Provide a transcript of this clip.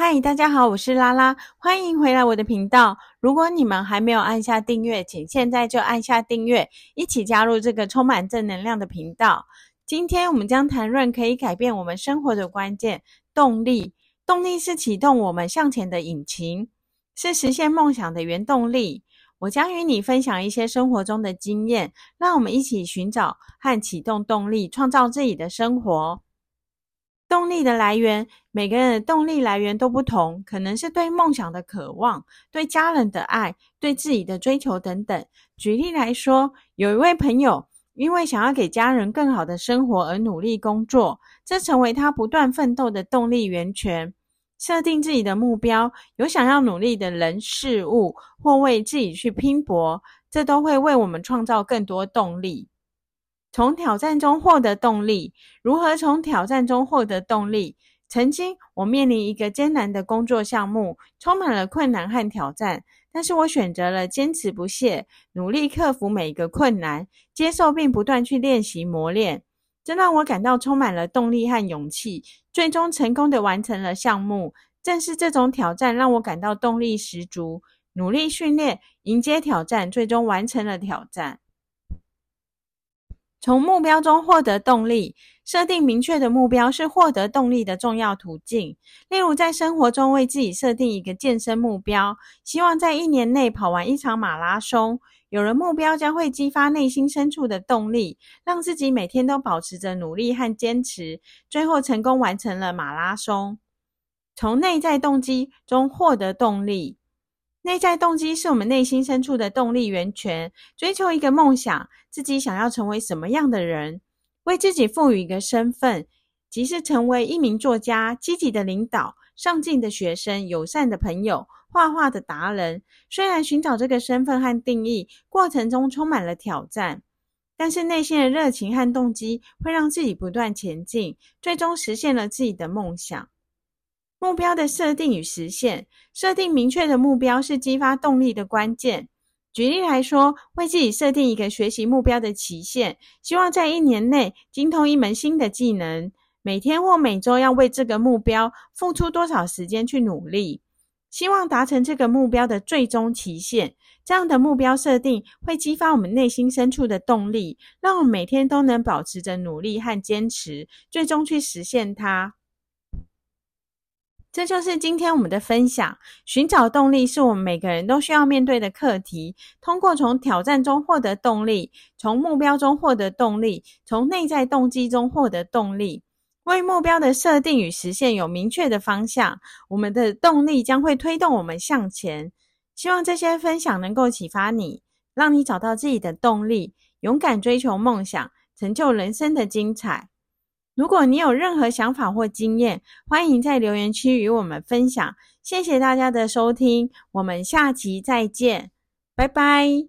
嗨，大家好，我是拉拉，歡迎回來我的頻道。如果你們還沒有按下訂閱，請現在就按下訂閱，一起加入這個充滿正能量的頻道。今天我們將談論可以改變我們生活的關鍵動力。動力是啟動我們向前的引擎，是實現夢想的原動力。我將與你分享一些生活中的經驗，讓我們一起尋找和啟動動力，創造自己的生活。動力的來源，每個人的動力來源都不同，可能是對夢想的渴望、對家人的愛、對自己的追求等等。舉例來說，有一位朋友因為想要給家人更好的生活而努力工作，這成為他不斷奮鬥的動力源泉。設定自己的目標，有想要努力的人事物，或為自己去拼搏，這都會為我們創造更多動力。從挑戰中獲得動力，如何從挑戰中獲得動力？曾經，我面臨一個艱難的工作項目，充滿了困難和挑戰。但是我選擇了堅持不懈，努力克服每一個困難，接受並不斷去練習磨練，這讓我感到充滿了動力和勇氣。最終，成功地完成了項目。正是這種挑戰讓我感到動力十足，努力訓練，迎接挑戰，最終完成了挑戰。從目標中獲得動力，設定明確的目標是獲得動力的重要途徑。例如，在生活中為自己設定一個健身目標，希望在一年內跑完一場馬拉松。有了目標，將會激發內心深處的動力，讓自己每天都保持着努力和堅持，最後成功完成了馬拉松。從內在動機中獲得動力。內在動機是我們內心深處的動力源泉。追求一個夢想，自己想要成為什麼樣的人，為自己賦予一個身份，即使成為一名作家、積極的領導、上進的學生、友善的朋友、畫畫的達人。雖然尋找這個身份和定義過程中充滿了挑戰，但是內心的熱情和動機會讓自己不斷前進，最終實現了自己的夢想。目標的設定與實現，設定明確的目標是激發動力的關鍵。舉例來說，為自己設定一個學習目標的期限，希望在一年內精通一門新的技能，每天或每周要為這個目標付出多少時間去努力，希望達成這個目標的最終期限。這樣的目標設定會激發我們內心深處的動力，讓我們每天都能保持着努力和堅持，最終去實現它。這就是今天我們的分享。尋找動力是我們每個人都需要面對的課題。通過從挑戰中獲得動力，從目標中獲得動力，從內在動機中獲得動力。為目標的設定與實現有明確的方向，我們的動力將會推動我們向前。希望這些分享能夠啟發你，讓你找到自己的動力，勇敢追求夢想，成就人生的精彩。如果你有任何想法或經驗，歡迎在留言區與我們分享。謝謝大家的收聽，我們下期再見，拜拜。